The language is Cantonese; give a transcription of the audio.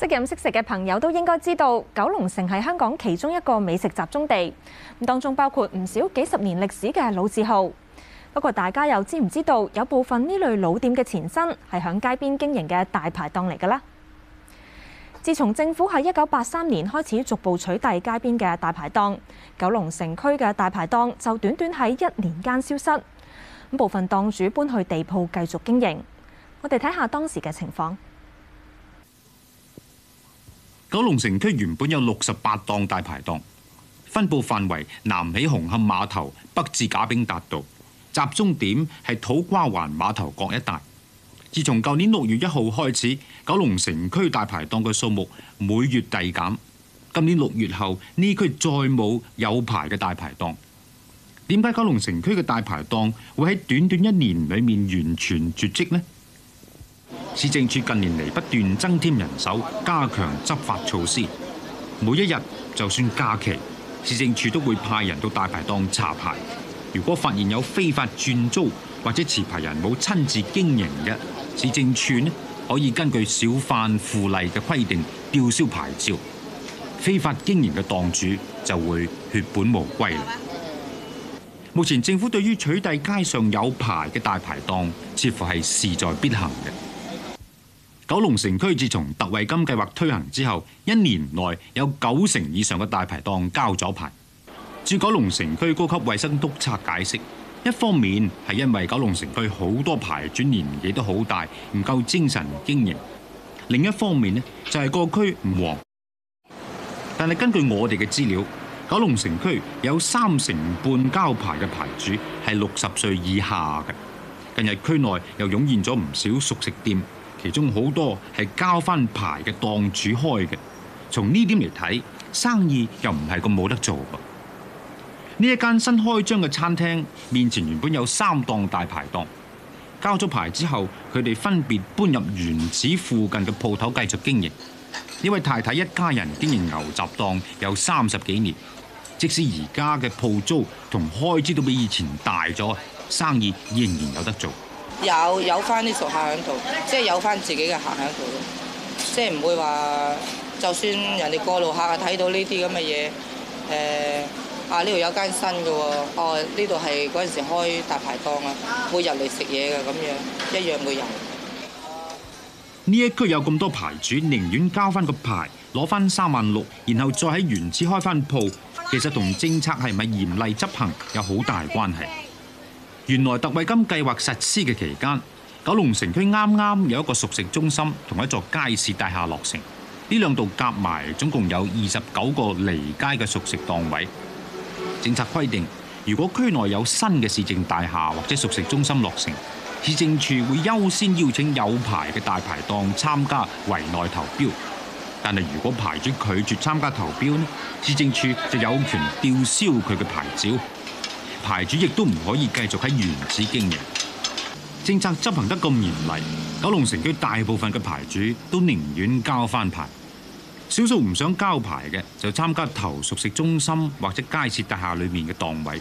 適飲適食嘅朋友都應該知道，九龍城係香港其中一個美食集中地，當當中包括唔少幾十年歷史嘅老字號。不過大家又知唔知道，有部分呢類老店嘅前身係喺街邊經營嘅大排檔嚟嘅呢？自從政府喺一九八三年開始逐步取締街邊嘅大排檔，九龍城區嘅大排檔就短短喺一年間消失，部分檔主搬去地鋪繼續經營。我哋睇下當時嘅情況。九龍城區原本有六十八檔大排檔，分布範圍南起紅磡碼頭，北至賈炳達道，集中點係土瓜灣碼頭角一帶。自從舊年六月一號開始，九龍城區大排檔嘅數目每月遞減，今年六月後呢區再冇有牌嘅大排檔。點解九龍城區嘅大排檔會喺短短一年裏面完全絕迹呢？市政署近年嚟不斷增添人手，加強執法措施。每一日，就算假期，市政署都會派人到大牌檔查牌。如果發現有非法轉租或者持牌人冇親自經營嘅，市政署呢可以根據小販附例嘅規定吊銷牌照。非法經營嘅檔主就會血本無歸。目前政府對於取締街上有牌嘅大牌檔，似乎係勢在必行嘅。九龍城區自從特惠金計劃推行之後，一年內有九成以上嘅大牌檔交咗牌。駐九龍城區高級衞生督察解釋，一方面係因為九龍城區好多牌主年紀都好大，唔夠精神經營；另一方面呢，就係個區唔旺。但係根據我哋嘅資料，九龍城區有三成半交牌嘅牌主係六十歲以下嘅。近日區內又湧現咗唔少熟食店。其中好多係交翻牌嘅檔主開嘅，從呢點嚟睇，生意又唔係咁冇得做噃。呢一間新開張嘅餐廳，面前原本有三檔大牌檔，交咗牌之後，佢哋分別搬入原址附近嘅鋪頭繼續經營。呢位太太一家人經營牛雜檔有三十幾年，即使而家嘅鋪租同開支都比以前大咗，生意仍然有得做。有有翻啲熟客喺度，即係有翻自己嘅客喺度即係唔會話，就算人哋過路客、呃、啊睇到呢啲咁嘅嘢，誒啊呢度有間新嘅喎，哦呢度係嗰陣時開大牌檔啊，會入嚟食嘢嘅咁樣，一樣會有。呢一區有咁多牌主，寧願交翻個牌，攞翻三萬六，然後再喺原址開翻鋪，其實同政策係咪嚴厲執行有好大關係？原來特惠金計劃實施嘅期間，九龍城區啱啱有一個熟食中心同一座街市大廈落成，呢兩度夾埋總共有二十九個離街嘅熟食檔位。政策規定，如果區內有新嘅市政大廈或者熟食中心落成，市政處會優先邀請有牌嘅大牌檔參加圍內投標。但係如果牌主拒絕參加投標呢，市政處就有權吊銷佢嘅牌照。牌主亦都唔可以繼續喺原址經營，政策執行得咁嚴厲，九龍城區大部分嘅牌主都寧願交翻牌，少數唔想交牌嘅就參加投熟食中心或者街設大廈裏面嘅檔位。